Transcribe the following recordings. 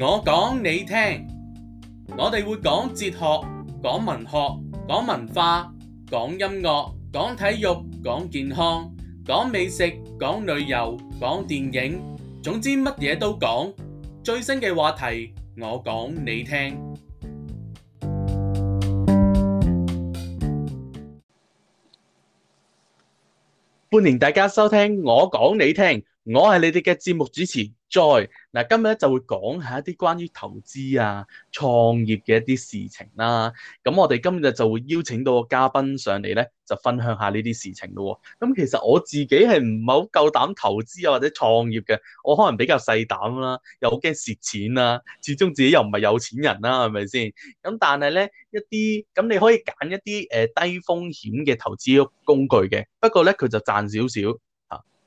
我講你聽，我哋會講哲學、講文學、講文化、講音樂、講體育、講健康、講美食、講旅遊、講電影，總之乜嘢都講。最新嘅話題，我講你聽。歡迎大家收聽《我講你聽》，我係你哋嘅節目主持。再嗱，今日咧就會講下一啲關於投資啊、創業嘅一啲事情啦。咁我哋今日就會邀請到個嘉賓上嚟咧，就分享下呢啲事情咯、哦。咁其實我自己係唔係好夠膽投資啊，或者創業嘅？我可能比較細膽啦，又好驚蝕錢啦、啊。始終自己又唔係有錢人啦、啊，係咪先？咁但係咧一啲咁你可以揀一啲誒、呃、低風險嘅投資工具嘅，不過咧佢就賺少少。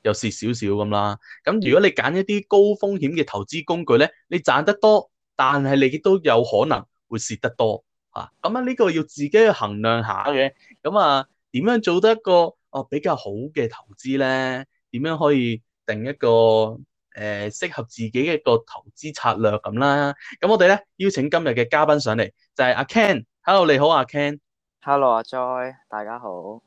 又蝕少少咁啦，咁如果你揀一啲高風險嘅投資工具咧，你賺得多，但係你亦都有可能會蝕得多啊！咁啊呢個要自己去衡量下嘅，咁啊點樣做得一個哦、啊、比較好嘅投資咧？點樣可以定一個誒適、呃、合自己嘅一個投資策略咁啦？咁、啊、我哋咧邀請今日嘅嘉賓上嚟，就係、是、阿 Ken。Hello，你好，阿 Ken。Hello，阿 Joy，大家好。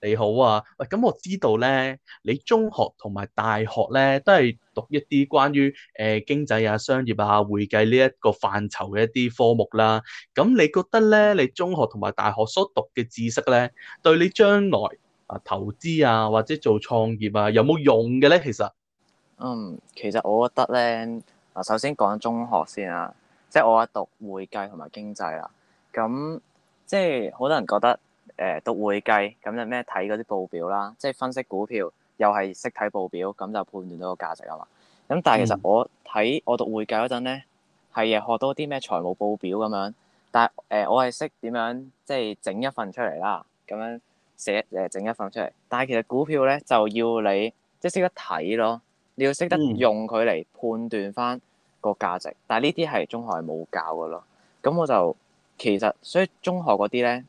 你好啊，喂、啊，咁我知道咧，你中學同埋大學咧都係讀一啲關於誒、呃、經濟啊、商業啊、會計呢一個範疇嘅一啲科目啦。咁、啊、你覺得咧，你中學同埋大學所讀嘅知識咧，對你將來啊投資啊或者做創業啊有冇用嘅咧？其實，嗯，其實我覺得咧，啊，首先講中學先啊，即、就、係、是、我讀會計同埋經濟啊，咁即係好多人覺得。誒讀會計咁就咩睇嗰啲報表啦，即係分析股票又係識睇報表，咁就判斷到個價值啊嘛。咁但係其實我睇我讀會計嗰陣咧，係又學多啲咩財務報表咁樣，但係誒、呃、我係識點樣即係整一份出嚟啦，咁樣寫誒整一份出嚟。但係其實股票咧就要你即係識得睇咯，你要識得用佢嚟判斷返個價值。但係呢啲係中學係冇教㗎咯，咁我就其實所以中學嗰啲咧。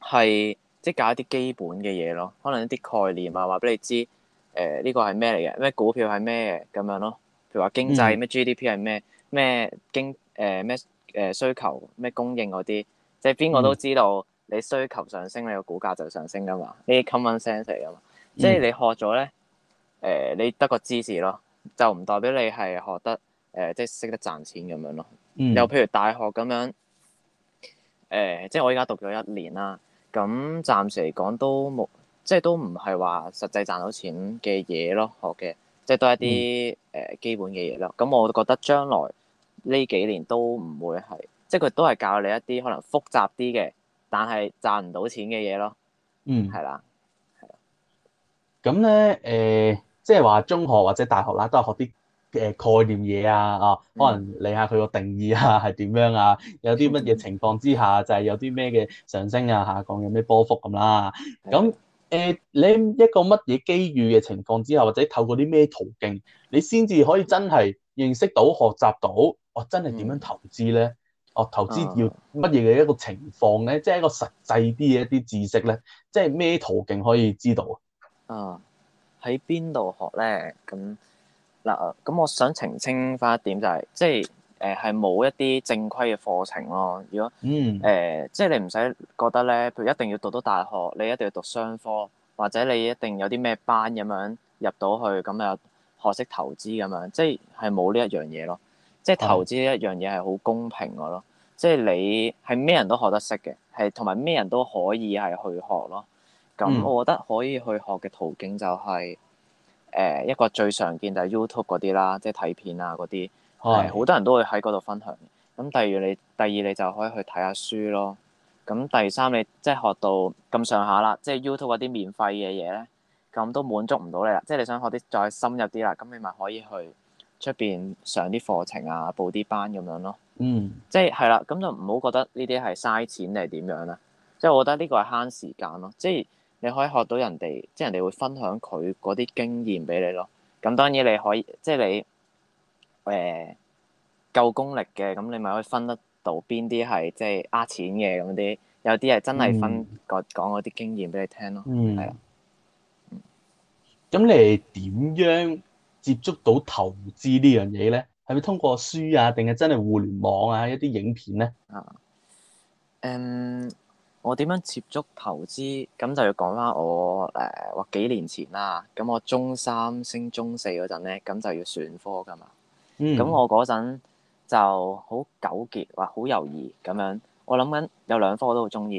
係即搞一啲基本嘅嘢咯，可能一啲概念啊，話俾你知，誒、呃、呢、呢個係咩嚟嘅？咩股票係咩嘅，咁樣咯？譬如話經濟咩 GDP 係咩咩經誒咩誒需求咩供應嗰啲，即係邊個都知道你需求上升，你個股價就上升噶嘛？呢啲 common sense 嚟嘅嘛，即係你學咗咧，誒、嗯呃、你得個知識咯，就唔代表你係學得誒、呃、即係識得賺錢咁樣咯。又、嗯、譬如大學咁樣。誒、呃，即係我依家讀咗一年啦，咁、嗯、暫時嚟講都冇，即係都唔係話實際賺到錢嘅嘢咯，學嘅，即係都係一啲誒、呃、基本嘅嘢咯。咁我覺得將來呢幾年都唔會係，即係佢都係教你一啲可能複雜啲嘅，但係賺唔到錢嘅嘢咯。嗯，係啦，係啊。咁咧、嗯，誒，即係話中學或者大學啦，都係學啲嘅概念嘢啊，啊，可能理下佢個定義啊，係點樣啊？有啲乜嘢情況之下就係、是、有啲咩嘅上升啊、下降、有咩波幅咁啦、啊。咁誒的、呃，你一個乜嘢機遇嘅情況之下，或者透過啲咩途徑，你先至可以真係認識到、學習到，我、啊、真係點樣投資咧？我、嗯啊、投資要乜嘢嘅一個情況咧？即、就、係、是、一個實際啲嘅一啲知識咧？即係咩途徑可以知道啊？啊，喺邊度學咧？咁。嗱，咁我想澄清翻一點就係、是，即係誒係冇一啲正規嘅課程咯。如果誒、呃，即係你唔使覺得咧，譬如一定要讀到大學，你一定要讀商科，或者你一定有啲咩班咁樣入到去，咁啊學識投資咁樣，即係係冇呢一樣嘢咯。即係投資呢一樣嘢係好公平嘅咯。即係你係咩人都學得識嘅，係同埋咩人都可以係去學咯。咁我覺得可以去學嘅途徑就係、是。誒一個最常見就係 YouTube 嗰啲啦，即係睇片啊嗰啲，好的多人都會喺嗰度分享。咁第二你，第二你就可以去睇下書咯。咁第三你即係學到咁上下啦，即係 YouTube 嗰啲免費嘅嘢咧，咁都滿足唔到你啦。即係你想學啲再深入啲啦，咁你咪可以去出邊上啲課程啊，報啲班咁樣咯。嗯，即係係啦，咁就唔好覺得呢啲係嘥錢定係點樣啦，即係我覺得呢個係慳時間咯，即係。你可以學到人哋，即係人哋會分享佢嗰啲經驗俾你咯。咁當然你可以，即係你誒、呃、夠功力嘅，咁你咪可以分得到邊啲係即係呃錢嘅咁啲，有啲係真係分講嗰啲經驗俾你聽咯。嗯，係啊。咁、嗯、你點樣接觸到投資呢樣嘢咧？係咪通過書啊，定係真係互聯網啊？一啲影片咧？啊，誒、嗯。我點樣接觸投資咁就要講翻我誒，或、呃、幾年前啦。咁我中三升中四嗰陣咧，咁就要選科噶嘛。咁、嗯、我嗰陣就好糾結，話好猶豫咁樣。我諗緊有兩科我都好中意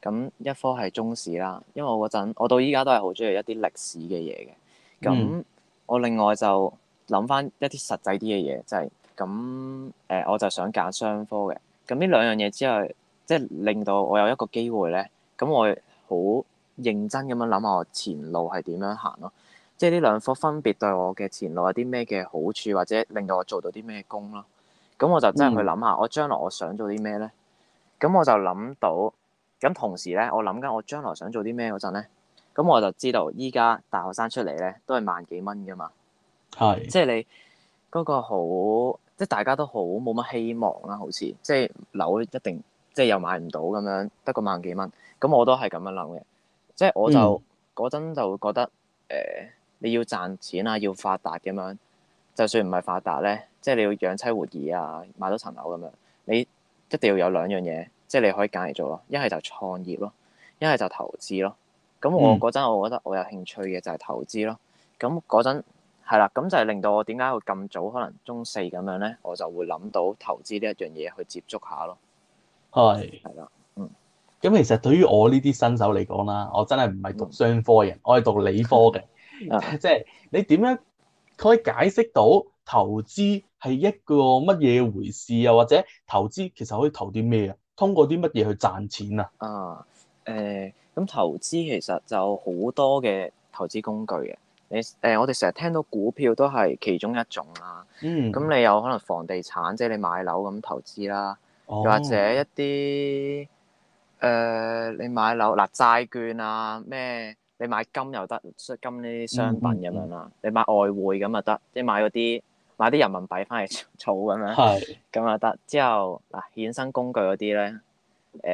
嘅，咁一科係中史啦，因為我嗰陣我到依家都係好中意一啲歷史嘅嘢嘅。咁我另外就諗翻一啲實際啲嘅嘢，就係咁誒，我就想揀商科嘅。咁呢兩樣嘢之外。即係令到我有一個機會咧，咁我好認真咁樣諗下我前路係點樣行咯。即係呢兩科分別對我嘅前路有啲咩嘅好處，或者令到我做到啲咩工咯。咁我就真係去諗下，嗯、我將來我想做啲咩咧。咁我就諗到，咁同時咧，我諗緊我將來想做啲咩嗰陣咧，咁我就知道依家大學生出嚟咧都係萬幾蚊噶嘛。係係，即係你嗰、嗰個好，即係大家都好冇乜希望啦、啊，好似即係樓一定。即係又買唔到咁樣，得個萬幾蚊咁，我都係咁樣諗嘅。即係我就嗰陣、嗯、就會覺得誒、呃，你要賺錢啊，要發達咁樣。就算唔係發達咧，即係你要養妻活兒啊，買到層樓咁樣，你一定要有兩樣嘢，即係你可以揀嚟做咯。一係就創業咯、啊，一係就投資咯、啊。咁我嗰陣，嗯、我覺得我有興趣嘅就係投資咯。咁嗰陣係啦，咁就係令到我點解會咁早，可能中四咁樣咧，我就會諗到投資呢一樣嘢去接觸下咯。係，係咯，嗯，咁其實對於我呢啲新手嚟講啦，我真係唔係讀商科嘅人，嗯、我係讀理科嘅，即係、嗯、 你點樣可以解釋到投資係一個乜嘢回事啊？或者投資其實可以投啲咩啊？通過啲乜嘢去賺錢啊？啊，誒、呃，咁投資其實就好多嘅投資工具嘅，你誒、呃，我哋成日聽到股票都係其中一種啦、啊，嗯，咁你有可能房地產，即係你買樓咁投資啦。又或者一啲，誒、呃，你買樓嗱債券啊咩，你買金又得，即金呢啲商品咁樣啦，嗯嗯嗯，你買外匯咁又得，即係買嗰啲買啲人民幣翻嚟儲咁樣，係是，咁又得。之後嗱衍生工具嗰啲咧，誒、呃、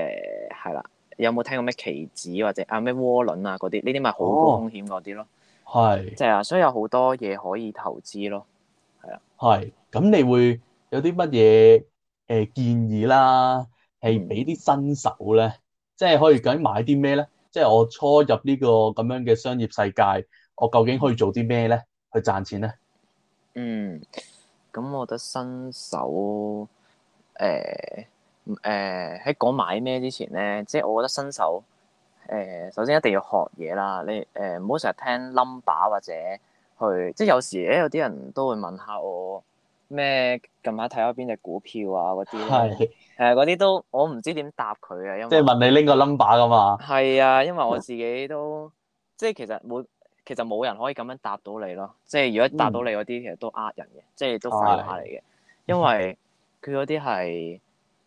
係啦，有冇聽過咩期指或者啊咩窩輪啊嗰啲？呢啲咪好高風險嗰啲咯，係、哦，即係啊，所以有好多嘢可以投資咯，係啊，係，咁你會有啲乜嘢？誒，建議啦，係俾啲新手咧，即係可以究竟買啲咩咧？即係我初入呢個咁樣嘅商業世界，我究竟可以做啲咩咧？去賺錢咧？嗯，咁我覺得新手誒，誒喺講買咩之前咧，即係我覺得新手誒、呃，首先一定要學嘢啦。你誒，唔好成日聽 number 或者去，即係有時咧，有啲人都會問下我。咩近排睇咗邊隻股票啊？嗰啲係誒，嗰啲是、呃、都我唔知點答佢啊，因為即係問你拎個 number 噶嘛。係啊，因為我自己都即係其實冇，其實冇人可以咁樣答到你咯。即係如果答到你嗰啲，嗯、其實都呃人嘅，即係都廢話嚟嘅。因為佢嗰啲係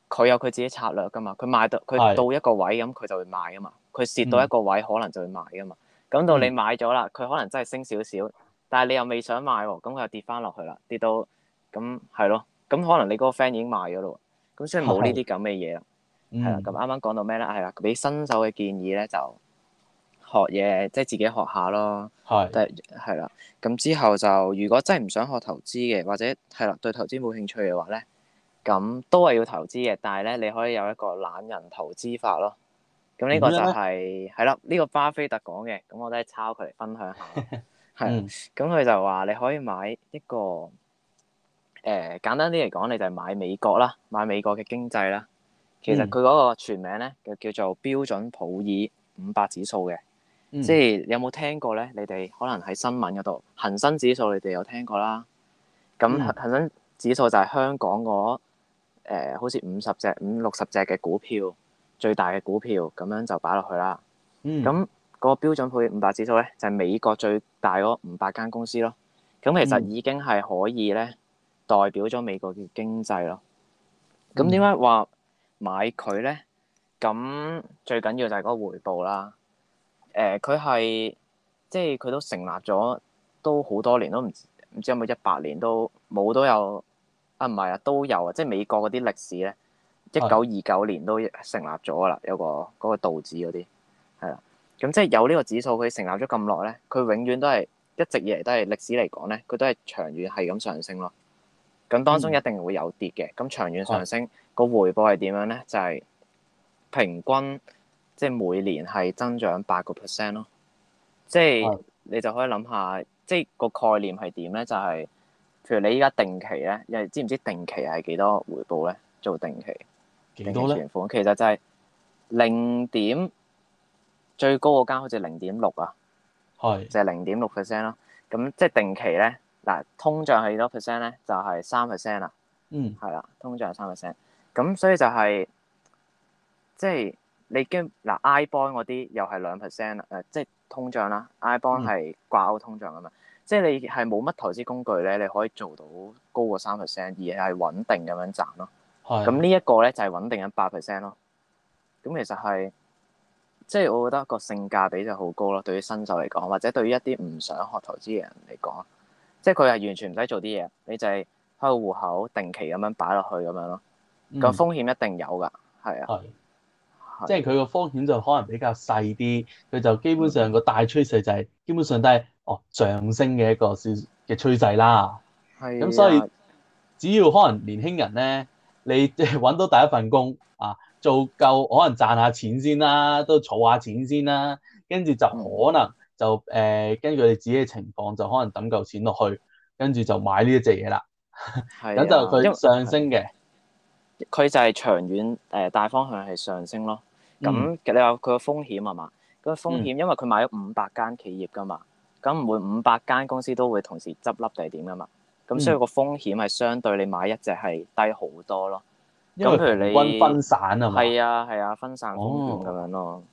佢有佢自己策略噶嘛。佢賣到佢到一個位咁，佢是就會賣啊嘛。佢蝕到一個位，可能就會賣啊嘛。咁、嗯、到你買咗啦，佢可能真係升少少，但係你又未想買喎，咁佢又，又跌翻落去啦，跌到。咁係咯，咁可能你嗰個 friend 已經賣咗咯，咁所以冇呢啲咁嘅嘢啦。係啦，咁啱啱講到咩咧？係啦，俾新手嘅建議咧就學嘢，即係自己學下咯。係，係 啦。咁的之後就如果真係唔想學投資嘅，或者係啦對，對投資冇興趣嘅話咧，咁都係要投資嘅，但係咧你可以有一個懶人投資法咯。咁呢個就係係啦，呢、 嗯這個巴菲特講嘅，咁我都係抄佢嚟分享下。係，咁佢、 嗯、就話你可以買一個。誒，簡單啲嚟講，你就係買美國啦，買美國嘅經濟啦。其實佢嗰個全名咧，就叫做標準普爾五百指數嘅。嗯、即係有冇聽過咧？你哋可能喺新聞嗰度恒生指數，你哋有聽過啦。咁恒生指數就係香港嗰、誒、呃，好似五十隻五六十隻嘅股票最大嘅股票咁樣就擺落去啦。咁嗰、嗯、個標準普爾五百指數咧，就係、是、美國最大嗰五百間公司咯。咁其實已經係可以咧。代表咗美國嘅經濟咯。咁點解話買佢咧？咁最緊要就係嗰個回報啦。誒、呃，佢係即係佢都成立咗都好多年，都唔知，唔知有冇一百年都冇都有啊？唔係啊，都有啊。即係美國嗰啲歷史咧，一九二九年都成立咗啦。啊、有個嗰、嗰個道指嗰啲係啦。咁即係有呢個指數，佢成立咗咁耐咧，佢永遠都係一直以嚟都係歷史嚟講咧，佢都係長遠係咁上升咯。咁當中一定會有跌嘅，咁長遠上升個、嗯、回報係點樣咧？就係、是、平均即係、就是、每年係增長八個 percent 咯。即、就、係、是、的你就可以諗下，即、就、係、是、個概念係點咧？就係、是、譬如你依家定期咧，因為知唔知定期係幾多回報咧？做定期多定期存款其實就係零點，最高嗰間好似零點六啊，係的，就係零點六 percent 咯。咁即係定期咧。通脹係幾多 percent 咧？就係三 percent 啦。嗯。係啦，通脹係三 percent。咁所以就係、是，即係你經嗱，I bond 嗰啲又係兩 percent 啦。誒，即係通脹啦，I bond 係掛鈎通脹㗎嘛。嗯、即係你係冇乜投資工具咧，你可以做到高過三 percent，而係穩定咁樣賺咯。係的。咁呢一個咧就係穩定緊八 percent 咯。咁其實係，即係我覺得個性價比就好高咯。對於新手嚟講，或者對於一啲唔想學投資嘅人嚟講。即係佢係完全唔使做啲嘢，你就係開個戶口定期咁樣擺落去咁樣咯。個風險一定有㗎，係啊。係。即係佢個風險就可能比較細啲，佢就基本上個大趨勢就係基本上都係哦上升嘅一個小嘅趨勢啦。係。咁所以只要可能年輕人咧，你揾到第一份工啊，做夠可能賺下錢先啦，都儲下錢先啦，跟住就可能、嗯。就誒、呃，根據你自己嘅情況，就可能抌嚿錢落去，跟住就買呢一隻嘢啦。咁、啊、 就佢上升嘅，佢就係長遠誒、呃、大方向係上升咯。咁、嗯、你話佢個風險係咪？咁風險因為佢買咗五百間企業噶嘛，咁每五百間公司都會同時執笠定點噶嘛？咁所以個風險係相對你買一隻係低好多咯。咁譬如你分散啊嘛？係啊，係啊，分散風險咁樣咯。哦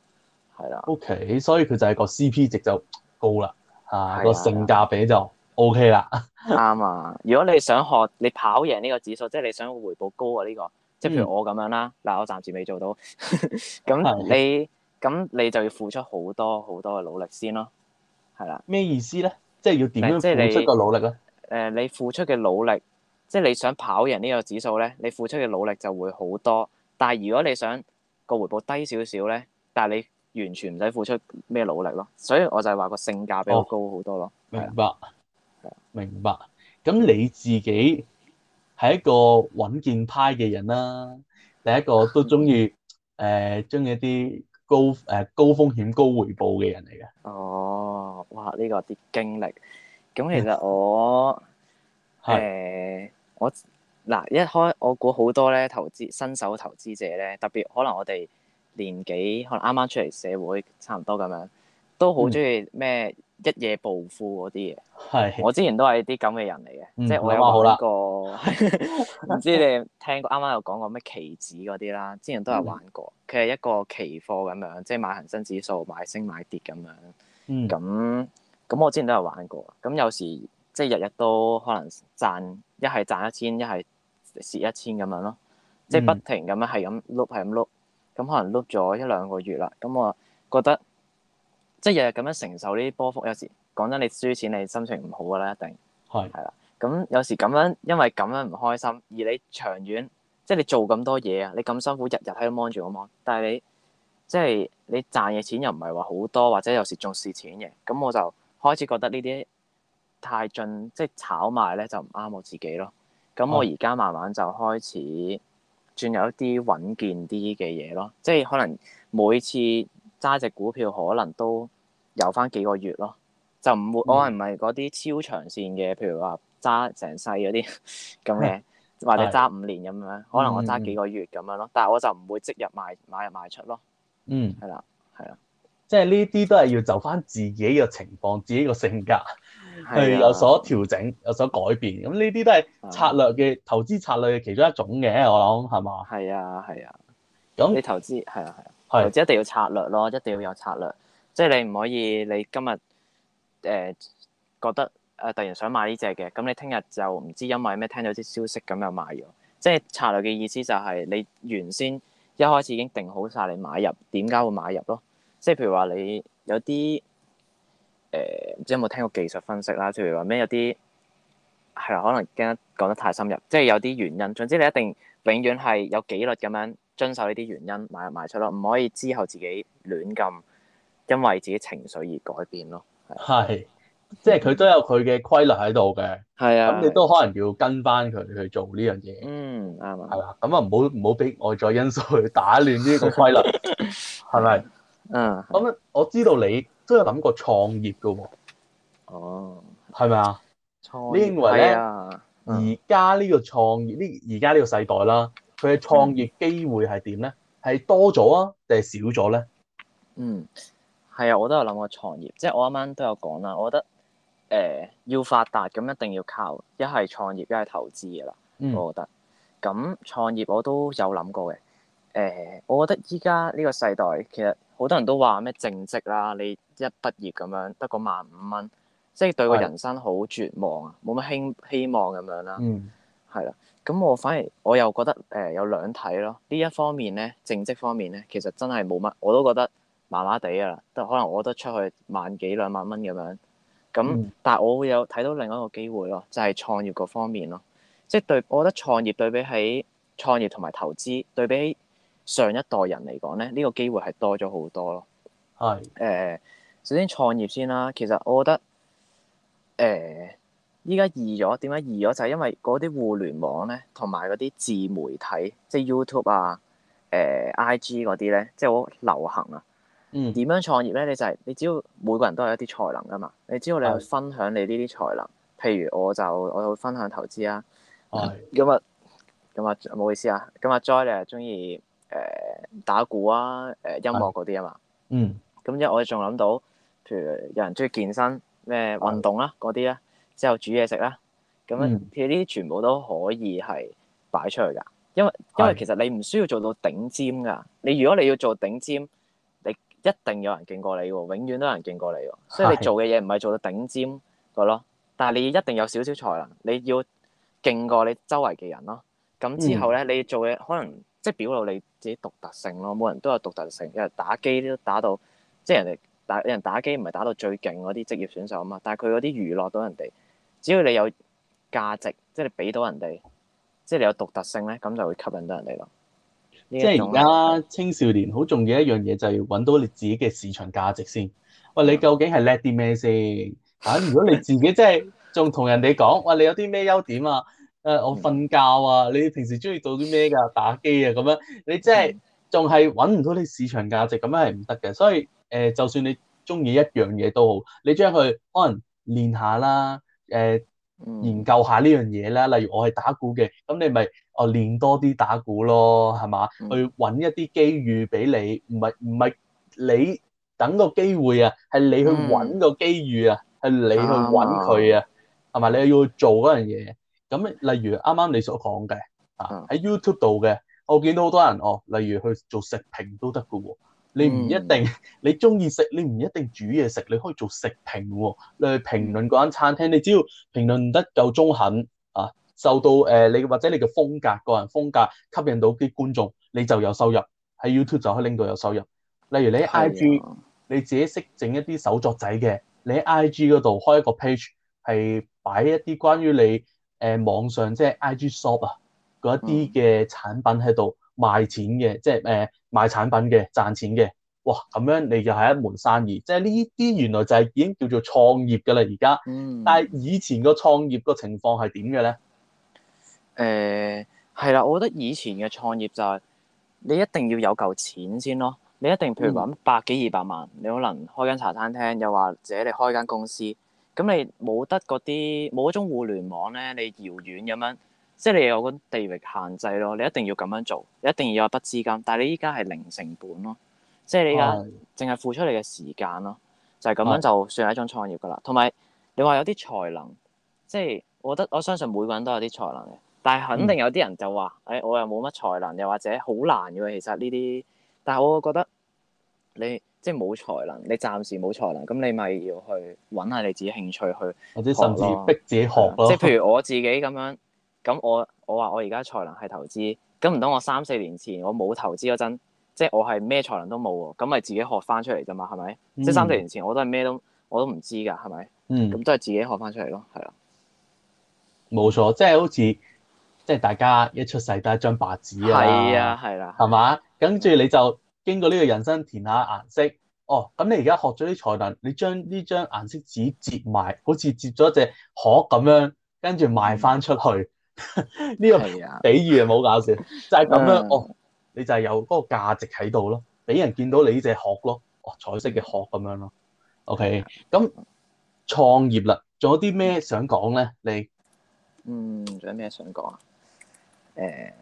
係啦，O K，所以佢就係個 C P 值就高啦，的啊，個性價比就 O K 啦，啱啊。如果你想學，你跑贏呢個指數，即係你想回報高啊呢、呢個，即係譬如我咁樣啦，嗱、嗯、我暫時未做到，咁 你咁的你就要付出好多好多嘅努力先咯，係啦。咩意思咧？即係要點樣付出個努力咧？誒，你付出嘅努力，即係你想跑贏呢個指數咧，你付出嘅努力就會好多。但係如果你想個回報低少少咧，但係你完全唔使付出咩努力咯，所以我就係話個性價比較高好多咯、哦。明白，啊、明白。咁你自己係一個穩健派嘅人啦、啊，第一個都中意誒將一啲高誒、呃、高風險高回報嘅人嚟嘅。哦，哇！呢、這個啲經歷，咁其實我誒我嗱一開我估好多咧投資新手投資者咧，特別可能我哋。年紀可能啱啱出嚟社會，差唔多咁樣，都好中意咩一夜暴富嗰啲嘢。係，我之前都係啲咁嘅人嚟嘅，即係我有玩過。唔知你聽過啱啱有講過咩期指嗰啲啦？之前都有玩過，佢係一個期貨咁樣，即係買恒生指數，買升買跌咁樣。嗯。咁咁，我之前都有玩過，咁有時即係日日都可能賺，一係賺一千，一係蝕一千咁樣咯，即係不停咁樣係咁碌，係咁碌。咁可能碌咗一兩個月啦，咁我覺得即係日日咁樣承受呢啲波幅，有時講真，你輸錢你心情唔好噶啦，一定係係啦。咁是有時咁樣，因為咁樣唔開心，而你長遠即係你做咁多嘢啊，你咁辛苦日日喺度 mon 住個 mon，但係你即係你賺嘅錢又唔係話好多，或者有時仲蝕錢嘅。咁我就開始覺得呢啲太盡，即係炒賣咧就唔啱我自己咯。咁我而家慢慢就開始。轉有一啲穩健啲嘅嘢咯，即係可能每次揸隻股票可能都有翻幾個月咯，就唔會我係唔係嗰啲超長線嘅？譬如話揸成世嗰啲咁嘅， 或者揸五年咁樣，嗯、可能我揸幾個月咁樣咯。但係我就唔會即日買買入賣出咯。嗯，係啦，係啦，即係呢啲都係要就翻自己個情況，自己個性格。係有、啊、所調整，有所改變，咁呢啲都係策略嘅、啊、投資策略嘅其中一種嘅，我諗係嘛？係啊，係啊。咁那你投資係啊，係啊，啊投資一定要策略咯，一定要有策略。即係你唔可以，你今日誒、呃、覺得誒突然想買呢隻嘅，咁你聽日就唔知因為咩聽到啲消息咁又買咗。即係策略嘅意思就係你原先一開始已經定好晒你買入，點解會買入咯？即係譬如話你有啲。誒，唔知有冇聽過技術分析啦，即係話咩有啲係啦，可能驚得講得太深入，即係有啲原因。總之你一定永遠係有紀律咁樣遵守呢啲原因買入賣出咯，唔可以之後自己亂撳，因為自己情緒而改變咯。係，即係佢都有佢嘅規律喺度嘅。係啊的，咁你都可能要跟翻佢去做呢樣嘢。嗯，啱啊。係啦，咁啊唔好唔好俾外在因素去打亂呢個規律，係咪 的？嗯。咁，我知道你。都有諗過創業嘅喎，哦，係咪啊？創業你認為咧，而家呢個創業呢，而家呢個世代啦，佢嘅創業機會係點咧？係多咗啊，定係少咗咧？嗯，係啊，我都有諗過創業，即係我啱啱都有講啦。我覺得誒要發達咁，一定要靠一係創業，一係投資嘅啦。我覺得咁、嗯、創業我都有諗過嘅。誒、呃，我覺得依家呢個世代，其實好多人都話咩正職啦，你一畢業咁樣得個萬五蚊，即係對個人生好絕望啊，冇乜希希望咁樣啦。嗯。係啦，咁我反而我又覺得誒、呃、有兩睇咯。呢一方面咧，正職方面咧，其實真係冇乜，我都覺得麻麻地啊，都可能我得出去萬幾兩萬蚊咁樣。咁，嗯、但係我會有睇到另一個機會咯，就係、是、創業嗰方面咯。即係對，我覺得創業對比喺創業同埋投資對比起，上一代人嚟講咧，呢、這個機會係多咗好多咯。係是。誒，首先創業先啦。其實我覺得，誒、呃，依家易咗。點解易咗？就係、是、因為嗰啲互聯網咧，同埋嗰啲自媒體，即係 YouTube 啊、誒、呃、IG 嗰啲咧，即係好流行啊。嗯。點樣創業咧？你就係、是、你只要每個人都有一啲才能噶嘛。你只要你去分享你呢啲才能。是譬如我就我會分享投資啊。咁啊是，咁啊，唔好意思啊。咁啊，Joy 又中意。誒、呃，打鼓啊，誒、呃，音樂嗰啲啊嘛，嗯，咁即係我哋仲諗到，譬如有人中意健身咩運動啦，啊，嗰啲咧，之後煮嘢食啦，咁樣佢呢啲全部都可以係擺出去噶因為因為其實你唔需要做到頂尖噶你如果你要做頂尖，你一定有人勁過你嘅，永遠都有人勁過你嘅，所以你做嘅嘢唔係做到頂尖嘅咯，但係你一定有少少才能，你要勁過你周圍嘅人咯，咁之後咧你做嘅可能。即係表露你自己獨特性咯，冇人都有獨特性。有人打機都打到，即係人哋打有人打機唔係打到最勁嗰啲職業選手啊嘛，但係佢嗰啲娛樂到人哋。只要你有價值，即係你俾到人哋，即係你有獨特性咧，咁就會吸引到人哋咯。即係而家青少年好重要一樣嘢，就係要揾到你自己嘅市場價值先。喂，你究竟係叻啲咩先？咁 如果你自己即係仲同人哋講，喂，你有啲咩優點啊？誒我瞓覺啊！你平時中意做啲咩㗎？打機啊咁樣，你即係仲係揾唔到你市場價值咁樣係唔得嘅。所以誒，就算你中意一樣嘢都好，你將佢可能練下啦，誒研究下呢樣嘢啦。例如我係打鼓嘅，咁你咪哦練多啲打鼓咯，係嘛？去揾一啲機遇俾你，唔係唔係你等個機會啊，係你去揾個機遇啊，係你去揾佢啊，係咪？你係要做嗰樣嘢。咁例如啱啱你所講嘅啊，喺 YouTube 度嘅，我見到好多人哦。例如去做食評都得㗎喎，你唔一定你鍾意食，你唔一定煮嘢食，你可以做食評喎。你去評論嗰間餐廳，你只要評論得夠中肯啊，受到誒你或者你嘅風格個人風格吸引到啲觀眾，你就有收入喺 YouTube 就可以拎到有收入。例如你 I G 你自己識整一啲手作仔嘅，你喺 I G 嗰度開一個 page，係擺一啲關於你。誒網上即係 IG shop 啊，嗰一啲嘅產品喺度賣錢嘅，嗯、即係誒賣產品嘅賺錢嘅，哇！咁樣你就係一門生意，即係呢啲原來就係已經叫做創業㗎喇。而家，但係以前個創業個情況係點嘅咧？誒係啦，我覺得以前嘅創業就係你一定要有嚿錢先咯，你一定譬如揾百幾二百萬，嗯、你可能開間茶餐廳，又或者你開間公司。咁你冇得嗰啲冇嗰種互聯網咧，你遙遠咁樣，即係你有個地域限制咯。你一定要咁樣做，你一定要有筆資金。但係你依家係零成本咯，即係你依家淨係付出你嘅時間咯，就係、是、咁樣就算係一種創業噶啦。同埋的你話有啲才能，即係我覺得我相信每個人都有啲才能嘅，但係肯定有啲人就話，誒、嗯哎、我又冇乜才能，又或者好難嘅喎。其實呢啲，但係我覺得你。即係冇才能，你暫時冇才能，咁你咪要去揾下你自己興趣去，或者甚至逼自己學咯。即係譬如我自己咁樣，咁我我話我而家才能係投資，咁唔通我三四年前我冇投資嗰陣，即係我係咩才能都冇喎，咁咪自己學翻出嚟啫嘛，係咪？嗯、即係三四年前我都係咩都我都唔知㗎，係咪？嗯，咁都係自己學翻出嚟咯，係啦。冇、嗯、錯，即、就、係、是、好似即係大家一出世都係一張白紙啊，係啊，係啦，係嘛，跟住你就、嗯。經過呢個人生填下顏色，哦，咁你而家學咗啲才能，你將呢張顏色紙折埋，好似折咗一隻殼咁樣，跟住賣翻出去。呢、嗯、 個比喻啊，冇搞笑，就係、是、咁樣、嗯、哦，你就係有嗰個價值喺度咯，俾人見到你呢隻殼咯，哦，彩色嘅殼咁樣咯。OK，咁創業啦，仲有啲咩想講咧？你嗯，仲有咩想講啊？誒、嗯，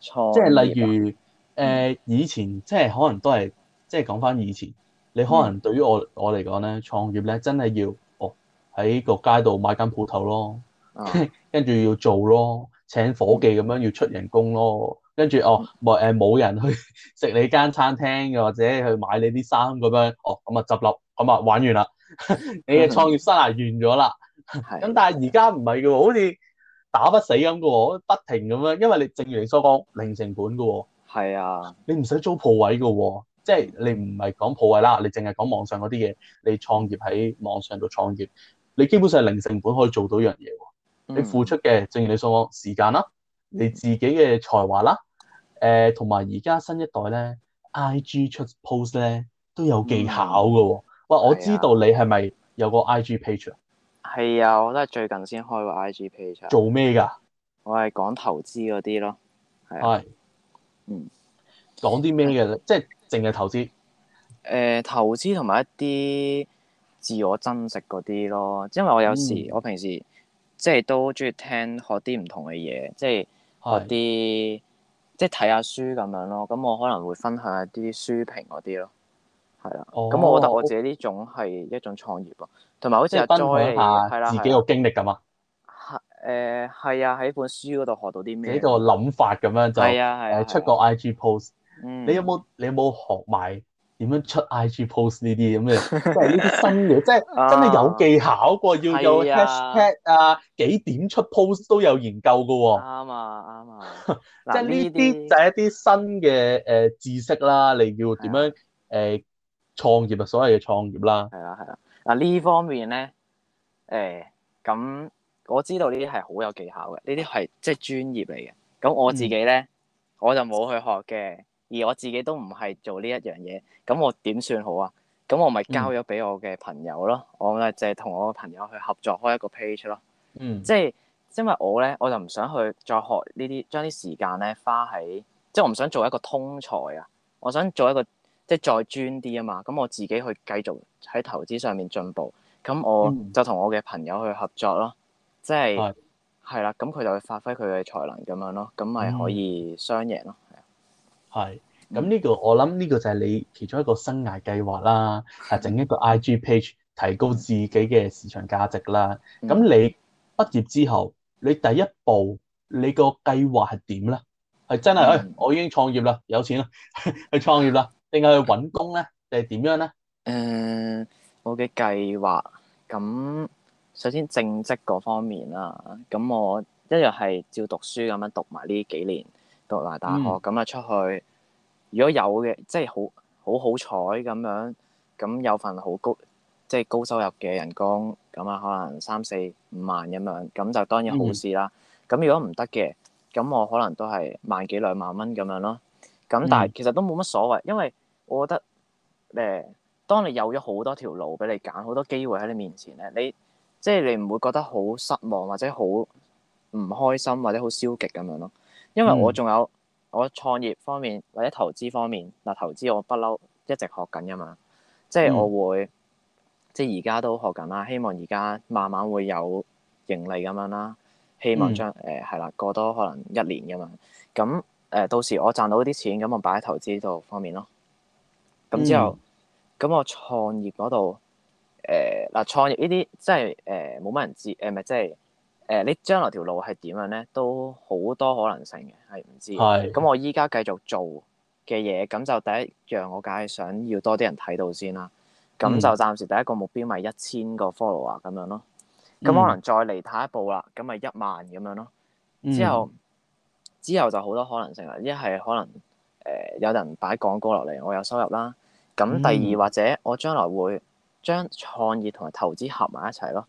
創業即係例如。誒、嗯、以前即係可能都係即係講返以前，你可能對於我我嚟講咧、嗯、創業咧真係要哦喺個街度買間鋪頭咯，跟住、嗯、要做咯，請伙計咁樣要出人工咯，跟住、嗯、哦，唔係冇人去食你間餐廳嘅，或者去買你啲衫咁樣哦，咁啊執笠咁啊玩完啦，嗯嗯、 你嘅創業生涯完咗啦。咁、嗯、的但係而家唔係嘅喎，好似打不死咁嘅喎，不停咁樣，因為你正如你所講零成本嘅喎。係啊，你唔使租鋪位噶、哦，即係你唔係講鋪位啦，你淨係講網上嗰啲嘢，你創業喺網上度創業，你基本上零成本可以做到一樣嘢、哦。嗯、你付出嘅，正如你所講，時間啦，你自己嘅才華啦，誒、呃，同埋而家新一代咧，I G 出 post 咧都有技巧噶、哦。哇、嗯啊呃，我知道你係咪有個 I G page？係啊，我都係最近先開個 I G page、啊。做咩噶？我係講投資嗰啲咯，係、啊。講嗯，講啲咩嘢？即係淨係投資？誒、呃，投資同埋一啲自我增值嗰啲咯。因為我有時、嗯、我平時即係都中意聽學啲唔同嘅嘢，即係學啲是即係睇下書咁樣咯。咁我可能會分享一啲書評嗰啲咯。係啊，咁、哦、我覺得我自己呢種係一種創業咯，同埋好似係自己有經歷咁嘛。嗯嗯嗯嗯嗯嗯誒係、嗯、啊，喺本書嗰度學到啲咩？呢個諗法咁樣就係啊，係啊，出個 IG post。你有冇你有冇學埋點樣出 IG post 呢啲咁嘅？即係呢啲新嘢，即係、 啊、真係有技巧喎。要有 hashtag 啊，幾點出 post 都有研究噶喎。啱啊，啱啊。嗱，呢啲就係一啲新嘅誒知識啦。你要點樣誒創業 啊？所謂嘅創業啦。係啊，係啊。嗱，呢方面咧，誒咁。我知道呢啲係好有技巧嘅，呢啲係即係專業嚟嘅。咁我自己咧，嗯、我就冇去學嘅，而我自己都唔係做呢一樣嘢，咁我點算好啊？咁我咪交咗俾我嘅朋友咯，我咧就同我嘅朋友去合作開一個 page 咯，嗯、即係因為我咧，我就唔想去再學呢啲，將啲時間咧花喺即係我唔想做一個通才啊，我想做一個即係再專啲啊嘛。咁我自己去繼續喺投資上面進步，咁我就同我嘅朋友去合作咯。即係係啦，咁佢是就會發揮佢嘅才能咁樣咯，咁咪可以雙贏咯。係、嗯，係咁呢個我諗呢個就係你其中一個生涯計劃啦，係整、嗯、一個 IG page 提高自己嘅市場價值啦。咁、嗯、你畢業之後，你第一步你個計劃係點咧？係真係誒、哎，我已經創業啦，有錢啦， 去創業啦，定係去揾工咧？定係點樣咧？誒、嗯，我嘅計劃咁。首先正職嗰方面啦，咁我一樣係照讀書咁樣讀埋呢幾年，讀埋大學，咁啊出去，如果有嘅，即係好好好彩咁樣，咁有份好高，即係高收入嘅人工，咁啊可能三四五萬咁樣，咁就當然好事啦。咁、嗯、如果唔得嘅，咁我可能都係萬幾兩萬蚊咁樣咯。咁但係其實都冇乜所謂，因為我覺得，誒、呃，當你有咗好多條路俾你揀，好多機會喺你面前咧，你。即係你唔會覺得好失望，或者好唔開心，或者好消極咁樣咯，因為我仲有、嗯、我創業方面或者投資方面嗱，投資我不嬲一直學緊噶嘛，即係我會、嗯、即係而家都學緊啦，希望而家慢慢會有盈利咁樣啦，希望將誒係啦，過多可能一年噶嘛。咁誒、呃、到時我賺到啲錢，咁我擺喺投資度方面咯，咁之後咁、嗯、我創業嗰度。誒嗱、呃，創業呢啲即係誒冇乜人知誒，唔、呃、即係誒你將來條路係點樣咧，都好多可能性嘅，係唔知。係是。咁我依家繼續做嘅嘢，咁就第一樣，我梗係想要多啲人睇到先啦。咁就暫時第一個目標咪一千個 follow 啊，咁樣咯。咁、嗯、可能再嚟下一步啦，咁咪一萬咁樣咯。之後、嗯、之後就好多可能性啦！一係可能誒、呃、有人擺廣告落嚟，我有收入啦。咁第二、嗯、或者我將來會。將創業同埋投資合埋一齊咯，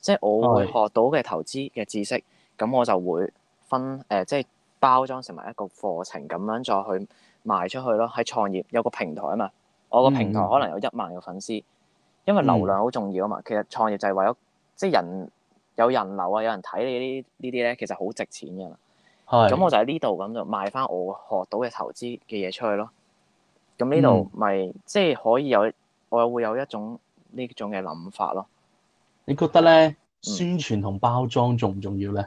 即係我會學到嘅投資嘅知識，咁是我就會分誒、呃，即係包裝成埋一個課程咁樣再去賣出去咯。喺創業有個平台啊嘛，我個平台可能有一萬個粉絲，嗯、因為流量好重要啊嘛。嗯、其實創業就係為咗即係人有人流啊，有人睇你呢呢啲咧，其實好值錢㗎啦。咁是我就喺呢度咁就賣翻我學到嘅投資嘅嘢出去咯。咁呢度咪即係可以有我又會有一種。呢種嘅諗法咯，你覺得咧宣傳同包裝重唔重要咧？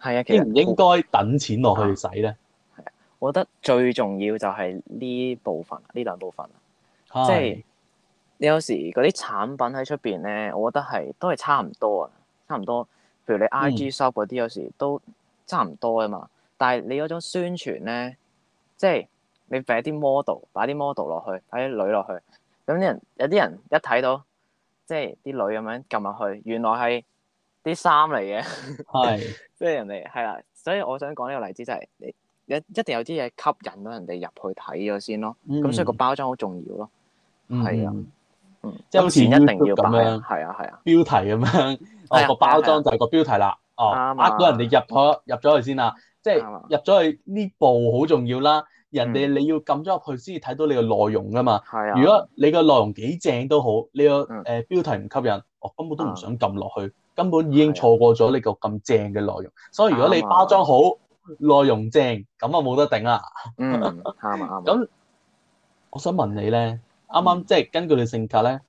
係 啊，其實應唔應該等錢落去使咧？係啊，啊，我覺得最重要就係呢部分，呢兩部分、啊、即係你有時嗰啲產品喺出邊咧，我覺得係都係差唔多啊，差唔多。譬如你 I G shop 嗰啲有時都差唔多啊嘛。嗯、但係你嗰種宣傳咧，即係你擺啲 model，擺啲 model 落去，擺啲女落去。咁啲人有啲人一睇到即係啲女咁樣撳入去，原來係啲衫嚟嘅。係，即係人哋係啦，所以我想講呢個例子就係你一一定有啲嘢吸引到人哋入去睇咗先咯。咁所以個包裝好重要咯。係啊，即係好似一定要咁樣，係啊係啊，標題咁樣，個包裝就係個標題啦。哦，呃到人哋入咗入咗去先啦，即係入咗去呢步好重要啦。人哋你要撳咗入去先至睇到你個內容噶嘛？係啊。如果你個內容幾正都好，你個誒標題唔吸引，嗯、我根本都唔想撳落去，嗯、根本已經錯過咗呢個咁正嘅內容。啊、所以如果你包裝好，內、啊、容正，咁啊冇得頂 啊。嗯、啊，啱啱、啊。咁、啊、我想問你咧，啱啱即係根據你性格咧，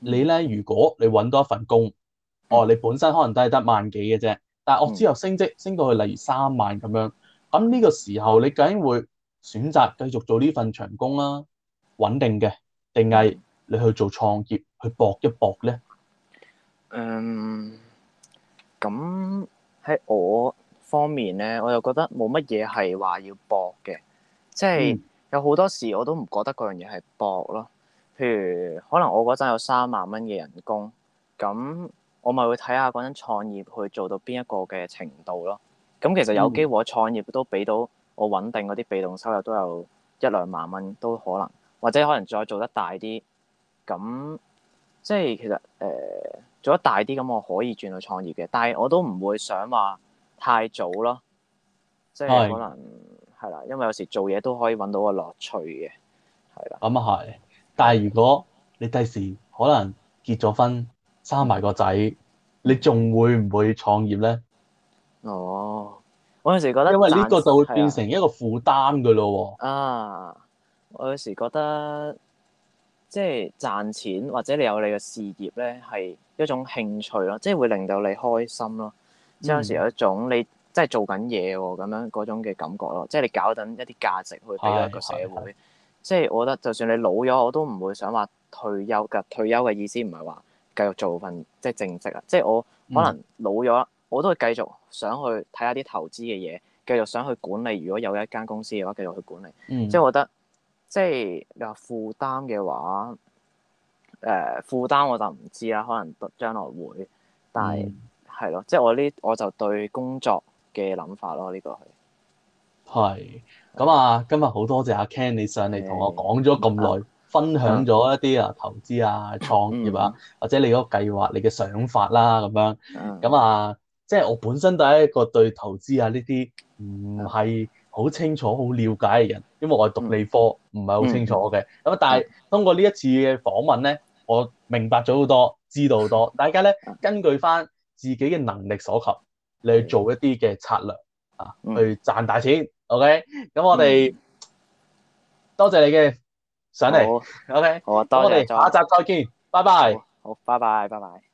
你咧如果你搵到一份工，嗯、哦，你本身可能都係得萬幾嘅啫，但係我之後升職升到去例如三萬咁樣，咁呢個時候你究竟會？選擇繼續做呢份長工啦，穩定嘅，定係你去做創業去搏一搏咧？嗯，咁喺我方面咧，我又覺得冇乜嘢係話要搏嘅，即係有好多時我都唔覺得嗰樣嘢係搏咯。譬如可能我嗰陣有三萬蚊嘅人工，咁我咪會睇下嗰陣創業去做到邊一個嘅程度咯。咁其實有機會創業都俾到。我穩定嗰啲被動收入都有一兩萬蚊，都可能，或者可能再做得大啲，咁即係其實誒、呃、做得大啲咁，我可以轉去創業嘅，但係我都唔會想話太早咯，即係可能係啦是，因為有時做嘢都可以揾到個樂趣嘅，係啦。咁啊係，但係如果你第時可能結咗婚，生埋個仔，你仲會唔會創業咧？哦。我有時覺得，因為呢個就會變成一個負擔㗎咯喎。啊，我有時覺得，即係賺錢或者你有你嘅事業咧，係一種興趣咯，即係會令到你開心咯。嗯、即係有時有一種你即係做緊嘢喎，咁樣嗰種嘅感覺咯，即係你搞緊一啲價值去俾一個社會。是是是，即係我覺得，就算你老咗，我都唔會想話退休㗎。退休嘅意思唔係話繼續做份即係正職啊。即係我可能老咗。嗯我都係繼續想去睇下啲投資嘅嘢，繼續想去管理。如果有一間公司嘅話，繼續去管理。嗯、即係我覺得，即係你話負擔嘅話，誒負擔我就唔知啦。可能將來會，但係係咯。即係我呢，我就對工作嘅諗法咯。呢、這個係係咁啊！今日好多謝阿 Ken 你上嚟同我講咗咁耐，的分享咗一啲啊的投資啊、創業啊，嗯、或者你嗰個計劃、你嘅想法啦咁樣。咁啊！嗯嗯即係我本身都係一個對投資啊呢啲唔係好清楚、好了解嘅人，因為我係讀理科，唔係好清楚嘅。咁、嗯、但係通過呢一次嘅訪問咧，我明白咗好多，知道好多。大家咧根據翻自己嘅能力所及，你去做一啲嘅策略啊，嗯、去賺大錢。OK，咁我哋、嗯、多謝你嘅上嚟。好 OK，好啊，多謝你。我哋下集再見，拜拜。好，好，拜拜，拜拜。